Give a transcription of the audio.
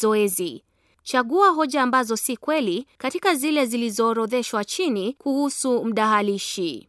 Zoezi: chagua hoja ambazo si kweli katika zile zilizoorodheshwa chini kuhusu mdahalishi.